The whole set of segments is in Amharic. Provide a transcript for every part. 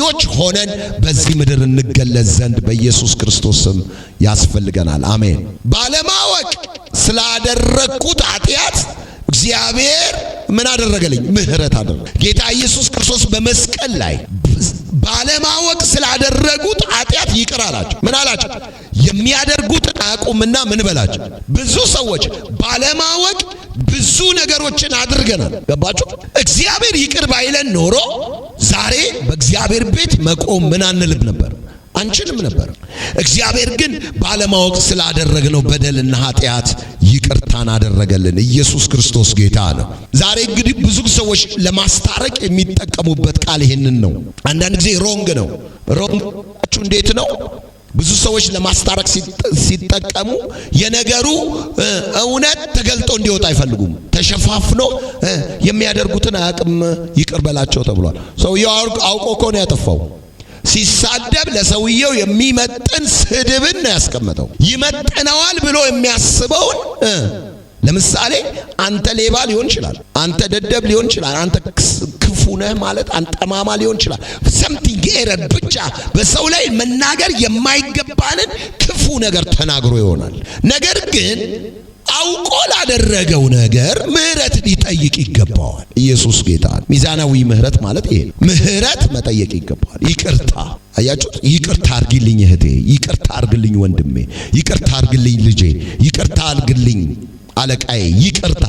ደስተኞች ሆነን በዚህ ምድር እንገለጽ ዘንድ በኢየሱስ ክርስቶስ ስም ያስፈልገናል። አሜን። ባለማወቅ ስላደረግኩት ኃጢአት እግዚአብሔር ምን አደረገልኝ? ምሕረት አደረገ። ጌታ ኢየሱስ ክርስቶስ በመስቀል ላይ ባለማወቅ ስላደረጉት ኃጢአት ይቅር አላቸው። ምን አላቸው? የሚያደርጉትን አቁምና ምን በላቸው። ብዙ ሰዎች ባለማወቅ ብዙ ነገሮችን አድርገናል። ገባችሁ? እግዚአብሔር ይቅር ባይለን ኖሮ ዛሬ በእግዚአብሔር ቤት መቆም ምን አንልም ነበር አንችልም ነበር። እግዚአብሔር ግን ባለማወቅ ስላደረግነው በደልና ኃጢአት ይቅርታን አደረገልን። ኢየሱስ ክርስቶስ ጌታ ነው። ዛሬ እንግዲህ ብዙ ሰዎች ለማስታረቅ የሚጠቀሙበት ቃል ይህንን ነው። አንዳንድ ጊዜ ሮንግ ነው። ሮንግ እንዴት ነው ብዙ ሰዎች ለማስታረቅ ሲጠቀሙ የነገሩ እውነት ተገልጦ እንዲወጣ አይፈልጉም። ተሸፋፍኖ የሚያደርጉትን አቅም ይቅርበላቸው ተብሏል። ሰውየው አውቆ እኮ ነው ያጠፋው። ሲሳደብ ለሰውየው የሚመጥን ስድብን ነው ያስቀመጠው። ይመጥነዋል ብሎ የሚያስበውን ለምሳሌ አንተ ሌባ ሊሆን ይችላል። አንተ ደደብ ሊሆን ይችላል። አንተ ክፉ ነህ ማለት አንጠማማ ሊሆን ይችላል። ሰምቲንግ ኤረር ብቻ በሰው ላይ መናገር የማይገባንን ክፉ ነገር ተናግሮ ይሆናል። ነገር ግን አውቆ ላደረገው ነገር ምህረት ሊጠይቅ ይገባዋል። ኢየሱስ ጌታ። ሚዛናዊ ምህረት ማለት ይሄ ነው። ምህረት መጠየቅ ይገባዋል። ይቅርታ አያችሁት? ይቅርታ አርግልኝ እህቴ፣ ይቅርታ አርግልኝ ወንድሜ፣ ይቅርታ አርግልኝ ልጄ፣ ይቅርታ አርግልኝ አለቃዬ ይቅርታ፣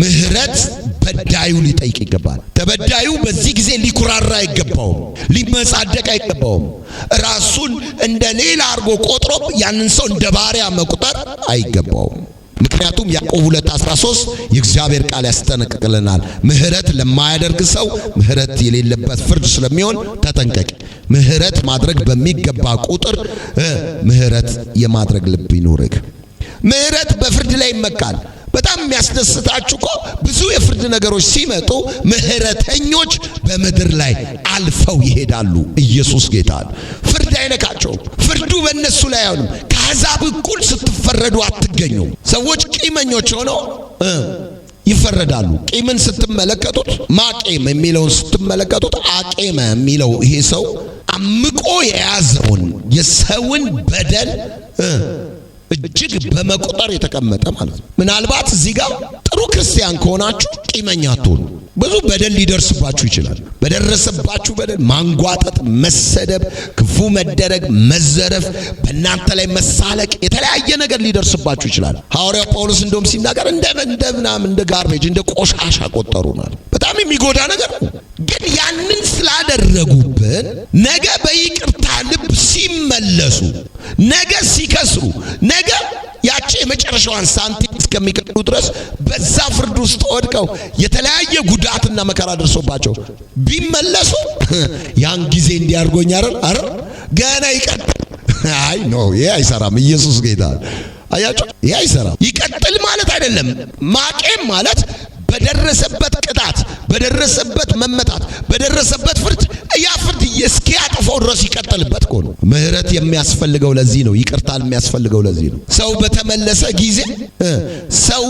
ምህረት በዳዩ ሊጠይቅ ይገባል። ተበዳዩ በዚህ ጊዜ ሊኩራራ አይገባውም፣ ሊመጻደቅ አይገባውም። ራሱን እንደ ሌላ አድርጎ ቆጥሮ ያንን ሰው እንደ ባሪያ መቁጠር አይገባውም። ምክንያቱም ያዕቆብ 2:13 የእግዚአብሔር ቃል ያስጠነቅቅልናል። ምህረት ለማያደርግ ሰው ምህረት የሌለበት ፍርድ ስለሚሆን ተጠንቀቂ። ምህረት ማድረግ በሚገባ ቁጥር ምህረት የማድረግ ልብ ይኑርህ። ምህረት በፍርድ ላይ ይመካል። በጣም የሚያስደስታችሁ እኮ ብዙ የፍርድ ነገሮች ሲመጡ ምህረተኞች በምድር ላይ አልፈው ይሄዳሉ። ኢየሱስ ጌታ ፍርድ አይነካቸው፣ ፍርዱ በእነሱ ላይ አይሆንም። ከአሕዛብ እኩል ስትፈረዱ አትገኙም። ሰዎች ቂመኞች ሆነው ይፈረዳሉ። ቂምን ስትመለከቱት ማቄም የሚለውን ስትመለከቱት አቄመ የሚለው ይሄ ሰው አምቆ የያዘውን የሰውን በደል እጅግ በመቁጠር የተቀመጠ ማለት ነው። ምናልባት እዚህ ጋር ጥሩ ክርስቲያን ከሆናችሁ ቂመኛ አትሆኑ። ብዙ በደል ሊደርስባችሁ ይችላል። በደረሰባችሁ በደል ማንጓጠጥ፣ መሰደብ፣ ክፉ መደረግ፣ መዘረፍ፣ በእናንተ ላይ መሳለቅ፣ የተለያየ ነገር ሊደርስባችሁ ይችላል። ሐዋርያው ጳውሎስ እንደውም ሲናገር እንደ እንደ ምናምን እንደ ጋርቤጅ እንደ ቆሻሻ ቆጠሩናል። በጣም የሚጎዳ ነገር ነው። ግን ያንን ስላደረጉብን ነገ በይቅርታ ልብ ሲመለሱ ነገ ሲከስሩ ነገ ያቺ የመጨረሻዋን ሳንቲም እስከሚቀጥሉ ድረስ በዛ ፍርድ ውስጥ ወድቀው የተለያየ ጉዳትና መከራ ደርሶባቸው ቢመለሱ ያን ጊዜ እንዲያርጎኝ አረ አረ ገና ይቀጥል። አይ ኖ ይሄ አይሰራም። ኢየሱስ ጌታ አያችሁ፣ ይሄ አይሰራም። ይቀጥል ማለት አይደለም ማቄም ማለት በደረሰበት ቅጣት፣ በደረሰበት መመጣት፣ በደረሰበት ፍርድ ያ ፍርድ እስኪያጥፈው ድረስ ይቀጥልበት እኮ ነው። ምህረት የሚያስፈልገው ለዚህ ነው። ይቅርታል የሚያስፈልገው ለዚህ ነው። ሰው በተመለሰ ጊዜ ሰው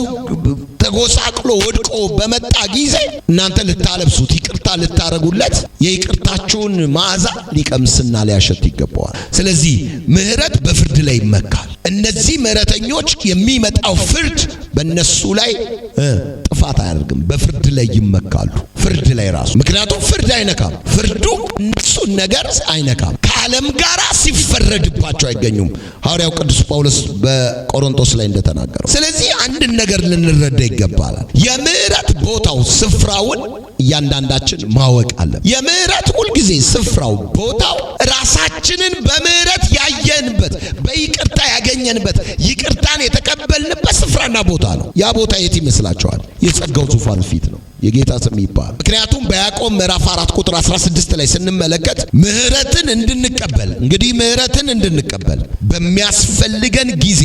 ተጎሳቅሎ ወድቆ በመጣ ጊዜ እናንተ ልታለብሱት፣ ይቅርታ ልታረጉለት፣ የይቅርታችሁን መዓዛ ሊቀምስና ሊያሸት ይገባዋል። ስለዚህ ምህረት በፍርድ ላይ ይመካል። እነዚህ ምህረተኞች የሚመጣው ፍርድ በእነሱ ላይ ጥፋት አያደርግም። በፍርድ ላይ ይመካሉ። ፍርድ ላይ ራሱ ምክንያቱም ፍርድ አይነካም። ፍርዱ እነሱን ነገር አይነካም። ከዓለም ጋር ሲፈረድባቸው አይገኙም። ሐዋርያው ቅዱስ ጳውሎስ በቆሮንቶስ ላይ እንደተናገረው። ስለዚህ አንድን ነገር ልንረዳ ይገባል። የምህረት ቦታው ስፍራውን እያንዳንዳችን ማወቅ አለ። የምህረት ሁልጊዜ ስፍራው ቦታው ራሳችንን በምህረት ያየንበት፣ በይቅርታ ያገኘንበት፣ ይቅርታን የተቀበልንበት ስፍራና ቦታ ነው። ያ ቦታ የት ይመስላችኋል? የጸጋው ዙፋን ፊት ነው። የጌታ ስም ይባል። ምክንያቱም በያዕቆብ ምዕራፍ 4 ቁጥር 16 ላይ ስንመለከት ምህረትን እንድንቀበል እንግዲህ ምህረትን እንድንቀበል በሚያስፈልገን ጊዜ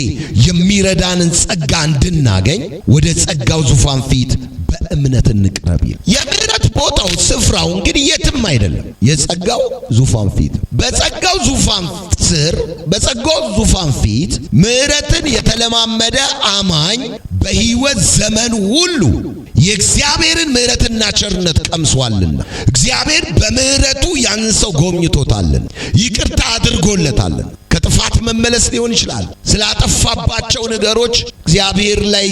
የሚረዳንን ጸጋ እንድናገኝ ወደ ጸጋው ዙፋን ፊት በእምነት እንቅረብ ይል የምሕረት ቦታው ስፍራው እንግዲህ የትም አይደለም፣ የጸጋው ዙፋን ፊት በጸጋው ዙፋን ስር በጸጋው ዙፋን ፊት ምህረትን የተለማመደ አማኝ በህይወት ዘመን ሁሉ የእግዚአብሔርን ምሕረትና ቸርነት ቀምሷልና እግዚአብሔር በምሕረቱ ያን ሰው ጎብኝቶታልን፣ ይቅርታ አድርጎለታልን። ከጥፋት መመለስ ሊሆን ይችላል። ስላጠፋባቸው ነገሮች እግዚአብሔር ላይ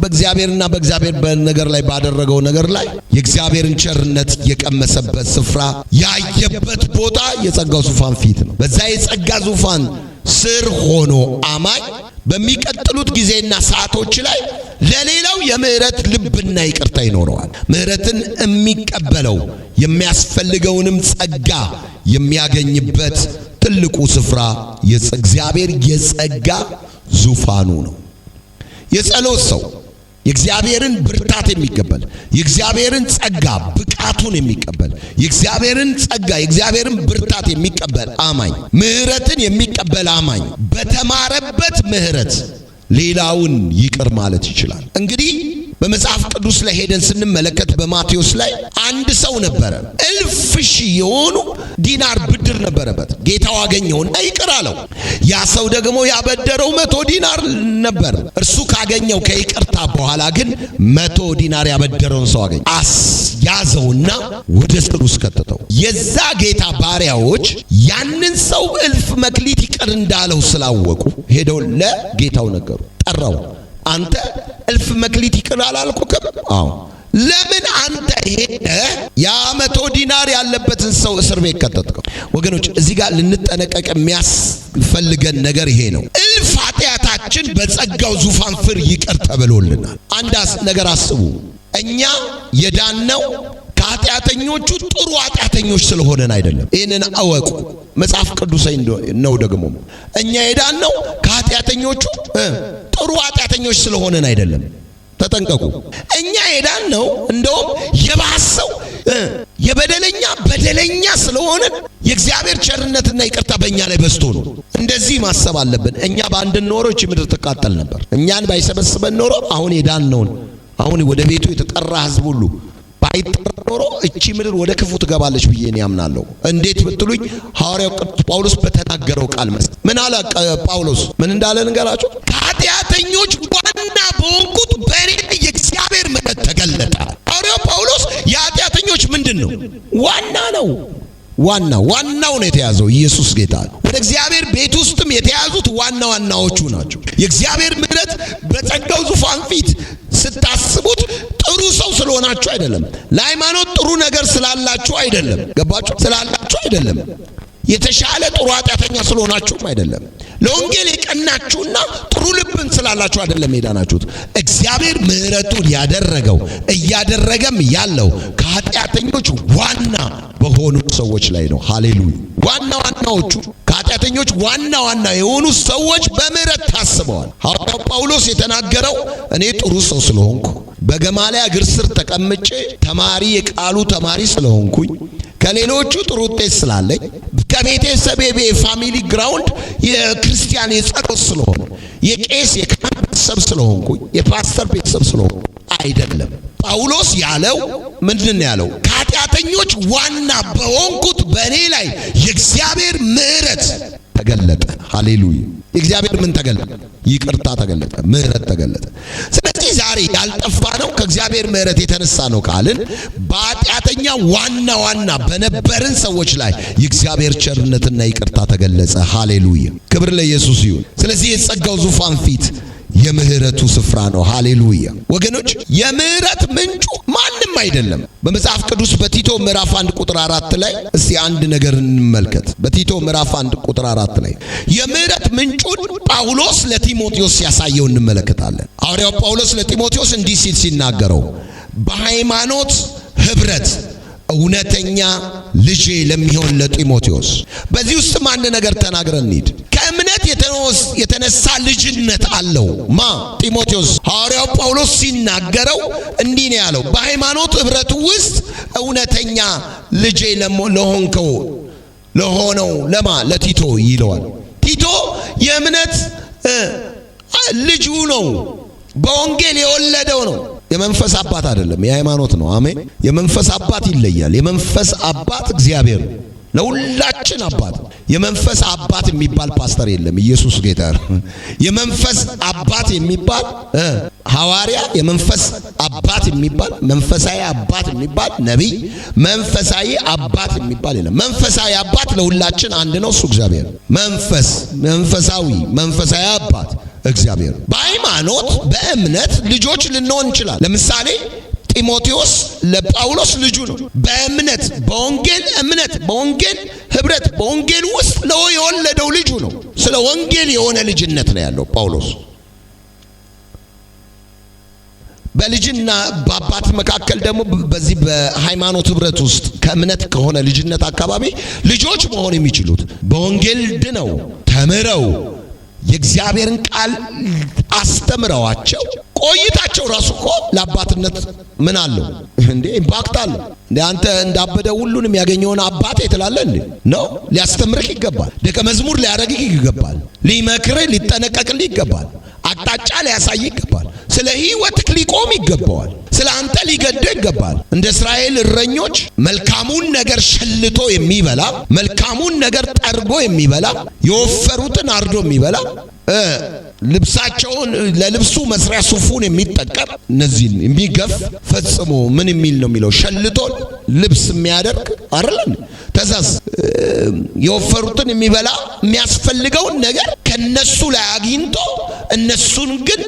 በእግዚአብሔርና በእግዚአብሔር በነገር ላይ ባደረገው ነገር ላይ የእግዚአብሔርን ቸርነት የቀመሰበት ስፍራ ያየበት ቦታ የጸጋው ዙፋን ፊት ነው። በዛ የጸጋ ዙፋን ስር ሆኖ አማኝ በሚቀጥሉት ጊዜና ሰዓቶች ላይ ለሌላው የምህረት ልብና ይቅርታ ይኖረዋል። ምህረትን የሚቀበለው የሚያስፈልገውንም ጸጋ የሚያገኝበት ትልቁ ስፍራ የእግዚአብሔር የጸጋ ዙፋኑ ነው። የጸሎት ሰው የእግዚአብሔርን ብርታት የሚቀበል የእግዚአብሔርን ጸጋ ብቃቱን የሚቀበል የእግዚአብሔርን ጸጋ የእግዚአብሔርን ብርታት የሚቀበል አማኝ ምሕረትን የሚቀበል አማኝ በተማረበት ምሕረት ሌላውን ይቅር ማለት ይችላል። እንግዲህ በመጽሐፍ ቅዱስ ላይ ሄደን ስንመለከት በማቴዎስ ላይ አንድ ሰው ነበረ፣ እልፍ ሺ የሆኑ ዲናር ብድር ነበረበት። ጌታው አገኘውና ይቅር አለው። ያ ሰው ደግሞ ያበደረው መቶ ዲናር ነበር። እርሱ ካገኘው ከይቅርታ በኋላ ግን መቶ ዲናር ያበደረውን ሰው አገኘ። አስያዘውና ወደ እስር ውስጥ ከተተው። የዛ ጌታ ባሪያዎች ያንን ሰው እልፍ መክሊት ይቅር እንዳለው ስላወቁ ሄደው ለጌታው ነገሩ፣ ጠራው። አንተ እልፍ መክሊት ይቅር አላልኩክም? አዎ። ለምን አንተ ሄደህ የመቶ ዲናር ያለበትን ሰው እስር ቤት ከተትከው? ወገኖች እዚህ ጋር ልንጠነቀቅ የሚያስፈልገን ነገር ይሄ ነው። እልፍ ኃጢአታችን በጸጋው ዙፋን ፍር ይቅር ተብሎልናል። አንድ ነገር አስቡ። እኛ የዳነው ከኃጢአተኞቹ ጥሩ ኃጢአተኞች ስለሆነን አይደለም። ይህንን አወቁ። መጽሐፍ ቅዱሰኝ ነው ደግሞ እኛ የዳነው ከኃጢአተኞቹ ጥሩ ኃጢአተኞች ስለሆነን አይደለም። ተጠንቀቁ። እኛ ሄዳን ነው እንደውም የባሰው የበደለኛ በደለኛ ስለሆነን የእግዚአብሔር ቸርነትና ይቅርታ በእኛ ላይ በዝቶ ነው። እንደዚህ ማሰብ አለብን። እኛ በአንድን ኖሮ እች ምድር ትቃጠል ነበር። እኛን ባይሰበስበን ኖሮ አሁን ሄዳን ነውን አሁን ወደ ቤቱ የተጠራ ህዝብ ሁሉ ባይጠራ ኖሮ እቺ ምድር ወደ ክፉ ትገባለች ብዬ እኔ አምናለሁ። እንዴት ብትሉኝ ሐዋርያው ቅዱስ ጳውሎስ በተናገረው ቃል መስ ምን አለ ጳውሎስ ምን እንዳለ ንገራቸው ኃጢአተኞች ዋና በሆንኩት በእኔ የእግዚአብሔር ምሕረት ተገለጠ። ሐዋርያው ጳውሎስ የኃጢአተኞች ምንድን ነው? ዋና ነው። ዋና ዋናው ነው የተያዘው። ኢየሱስ ጌታ ወደ እግዚአብሔር ቤት ውስጥም የተያዙት ዋና ዋናዎቹ ናቸው። የእግዚአብሔር ምሕረት በጸጋው ዙፋን ፊት ስታስቡት ጥሩ ሰው ስለሆናችሁ አይደለም። ለሃይማኖት ጥሩ ነገር ስላላችሁ አይደለም። ገባችሁ? ስላላችሁ አይደለም። የተሻለ ጥሩ ኃጢአተኛ ስለሆናችሁም አይደለም። ለወንጌል የቀናችሁና ጥሩ ልብን ስላላችሁ አይደለም የዳናችሁት። እግዚአብሔር ምሕረቱን ያደረገው እያደረገም ያለው ከኃጢአተኞች ዋና በሆኑ ሰዎች ላይ ነው። ሃሌሉያ ዋና ዋናዎቹ ከኃጢአተኞች ዋና ዋና የሆኑ ሰዎች በምሕረት ታስበዋል። ሐዋርያው ጳውሎስ የተናገረው እኔ ጥሩ ሰው ስለሆንኩ በገማሊያ እግር ስር ተቀምጬ ተማሪ የቃሉ ተማሪ ስለሆንኩኝ ከሌሎቹ ጥሩ ውጤት ስላለኝ ከቤተሰቤ ፋሚሊ ግራውንድ የክርስቲያን የጸሎት ስለሆነ የቄስ የካህን ቤተሰብ ስለሆንኩኝ የፓስተር ቤተሰብ ስለሆንኩ አይደለም። ጳውሎስ ያለው ምንድን ያለው? ከኃጢአተኞች ዋና በሆንኩት በእኔ ላይ የእግዚአብሔር ምሕረት ተገለጠ። ሃሌሉያ! የእግዚአብሔር ምን ተገለጠ? ይቅርታ ተገለጠ፣ ምሕረት ተገለጠ። ስለዚህ ዛሬ ያልጠፋ ነው ከእግዚአብሔር ምሕረት የተነሳ ነው ካልን በኃጢአተኛ ዋና ዋና በነበርን ሰዎች ላይ የእግዚአብሔር ቸርነትና ይቅርታ ተገለጸ። ሃሌሉያ! ክብር ለኢየሱስ ይሁን። ስለዚህ የጸጋው ዙፋን ፊት የምህረቱ ስፍራ ነው። ሃሌሉያ ወገኖች፣ የምህረት ምንጩ ማንም አይደለም። በመጽሐፍ ቅዱስ በቲቶ ምዕራፍ 1 ቁጥር 4 ላይ እስቲ አንድ ነገር እንመልከት። በቲቶ ምዕራፍ 1 ቁጥር 4 ላይ የምህረት ምንጩን ጳውሎስ ለጢሞቴዎስ ሲያሳየው እንመለከታለን። ሐዋርያው ጳውሎስ ለጢሞቴዎስ እንዲህ ሲል ሲናገረው በሃይማኖት ህብረት እውነተኛ ልጄ ለሚሆን ለጢሞቴዎስ በዚህ ውስጥም አንድ ነገር ተናግረን እንሂድ። ከእምነት የተነሳ ልጅነት አለው። ማ ጢሞቴዎስ ሐዋርያው ጳውሎስ ሲናገረው እንዲህ ነው ያለው፣ በሃይማኖት ኅብረት ውስጥ እውነተኛ ልጄ ለሆንከው ለሆነው ለማ ለቲቶ ይለዋል። ቲቶ የእምነት ልጁ ነው፣ በወንጌል የወለደው ነው። የመንፈስ አባት አይደለም፣ የሃይማኖት ነው። አሜን። የመንፈስ አባት ይለያል። የመንፈስ አባት እግዚአብሔር ነው። ለሁላችን አባት የመንፈስ አባት የሚባል ፓስተር የለም። ኢየሱስ ጌታ። የመንፈስ አባት የሚባል ሐዋርያ፣ የመንፈስ አባት የሚባል መንፈሳዊ አባት የሚባል ነቢይ፣ መንፈሳዊ አባት የሚባል የለም። መንፈሳዊ አባት ለሁላችን አንድ ነው። እሱ እግዚአብሔር መንፈስ፣ መንፈሳዊ መንፈሳዊ አባት እግዚአብሔር። በሃይማኖት በእምነት ልጆች ልንሆን እንችላል። ለምሳሌ ጢሞቴዎስ ለጳውሎስ ልጁ ነው። በእምነት በወንጌል እምነት በወንጌል ህብረት በወንጌል ውስጥ ነው የወለደው ልጁ ነው። ስለ ወንጌል የሆነ ልጅነት ነው ያለው ጳውሎስ። በልጅና በአባት መካከል ደግሞ በዚህ በሃይማኖት ህብረት ውስጥ ከእምነት ከሆነ ልጅነት አካባቢ ልጆች መሆን የሚችሉት በወንጌል ድነው ተምረው የእግዚአብሔርን ቃል አስተምረዋቸው ቆይታቸው ራሱ እኮ ለአባትነት ምን አለው እንዴ? ኢምፓክት አለው። አንተ እንዳበደ ሁሉንም ያገኘውን አባቴ ትላለህ እንዴ? ነው ሊያስተምርህ ይገባል። ደቀ መዝሙር ሊያደርግህ ይገባል። ሊመክርህ ሊጠነቀቅልህ ይገባል። አቅጣጫ ሊያሳይ ይገባል። ስለ ህይወት ሊቆም ይገባዋል። ስለ አንተ ሊገድህ ይገባል። እንደ እስራኤል እረኞች መልካሙን ነገር ሸልቶ የሚበላ መልካሙን ነገር ጠርጎ የሚበላ የወፈሩትን አርዶ የሚበላ ልብሳቸውን ለልብሱ መስሪያ ሱፉን የሚጠቀም እነዚህን የሚገፍ ፈጽሞ ምን የሚል ነው የሚለው ሸልቶን ልብስ የሚያደርግ አይደለም። ተዛዝ የወፈሩትን የሚበላ የሚያስፈልገውን ነገር ከነሱ ላይ አግኝቶ እነሱን ግን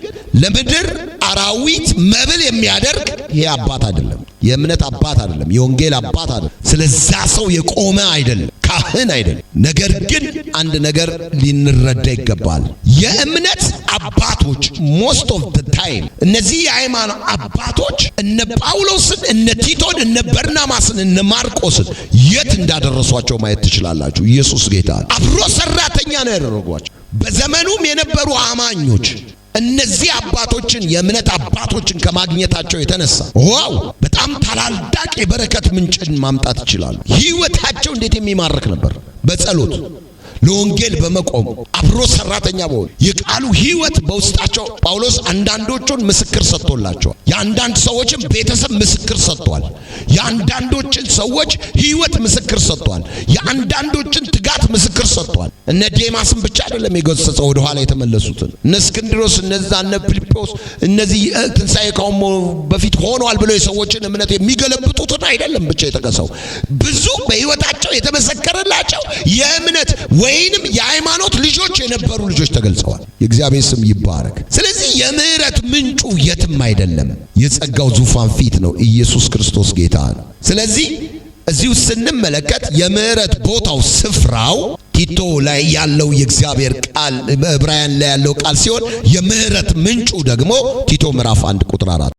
ለምድር አራዊት መብል የሚያደርግ ይሄ አባት አይደለም፣ የእምነት አባት አይደለም፣ የወንጌል አባት አይደለም፣ ስለዛ ሰው የቆመ አይደለም፣ ካህን አይደለም። ነገር ግን አንድ ነገር ሊንረዳ ይገባል። የእምነት አባቶች ሞስት ኦፍ ዘ ታይም እነዚህ የሃይማኖት አባቶች እነ ጳውሎስን፣ እነ ቲቶን፣ እነ በርናባስን፣ እነ ማርቆስን የት እንዳደረሷቸው ማየት ትችላላችሁ። ኢየሱስ ጌታ አብሮ ሰራተኛ ነው ያደረጓቸው። በዘመኑም የነበሩ አማኞች እነዚህ አባቶችን የእምነት አባቶችን ከማግኘታቸው የተነሳ ዋው በጣም ታላላቅ የበረከት ምንጭን ማምጣት ይችላሉ። ህይወታቸው እንዴት የሚማርክ ነበር በጸሎት ለወንጌል በመቆም አብሮ ሰራተኛ በሆኑ የቃሉ ህይወት በውስጣቸው ጳውሎስ አንዳንዶቹን ምስክር ሰጥቶላቸዋል። የአንዳንድ ሰዎችን ቤተሰብ ምስክር ሰጥቷል። የአንዳንዶችን ሰዎች ህይወት ምስክር ሰጥቷል። የአንዳንዶችን ትጋት ምስክር ሰጥቷል። እነ ዴማስን ብቻ አይደለም የገሰጸው ወደኋላ የተመለሱትን እነ እስክንድሮስ፣ እነዛ እነ ፊልጶስ እነዚህ ትንሣኤ ካሁን በፊት ሆኗል ብለው የሰዎችን እምነት የሚገለብጡትን አይደለም ብቻ የተቀሰው ብዙ በህይወታቸው የተመሰከረላቸው የእምነት ወይንም የሃይማኖት ልጆች የነበሩ ልጆች ተገልጸዋል። የእግዚአብሔር ስም ይባረክ። ስለዚህ የምህረት ምንጩ የትም አይደለም፣ የጸጋው ዙፋን ፊት ነው። ኢየሱስ ክርስቶስ ጌታ ነው። ስለዚህ እዚሁ ስንመለከት የምህረት ቦታው ስፍራው ቲቶ ላይ ያለው የእግዚአብሔር ቃል ዕብራውያን ላይ ያለው ቃል ሲሆን የምህረት ምንጩ ደግሞ ቲቶ ምዕራፍ 1 ቁጥር አራት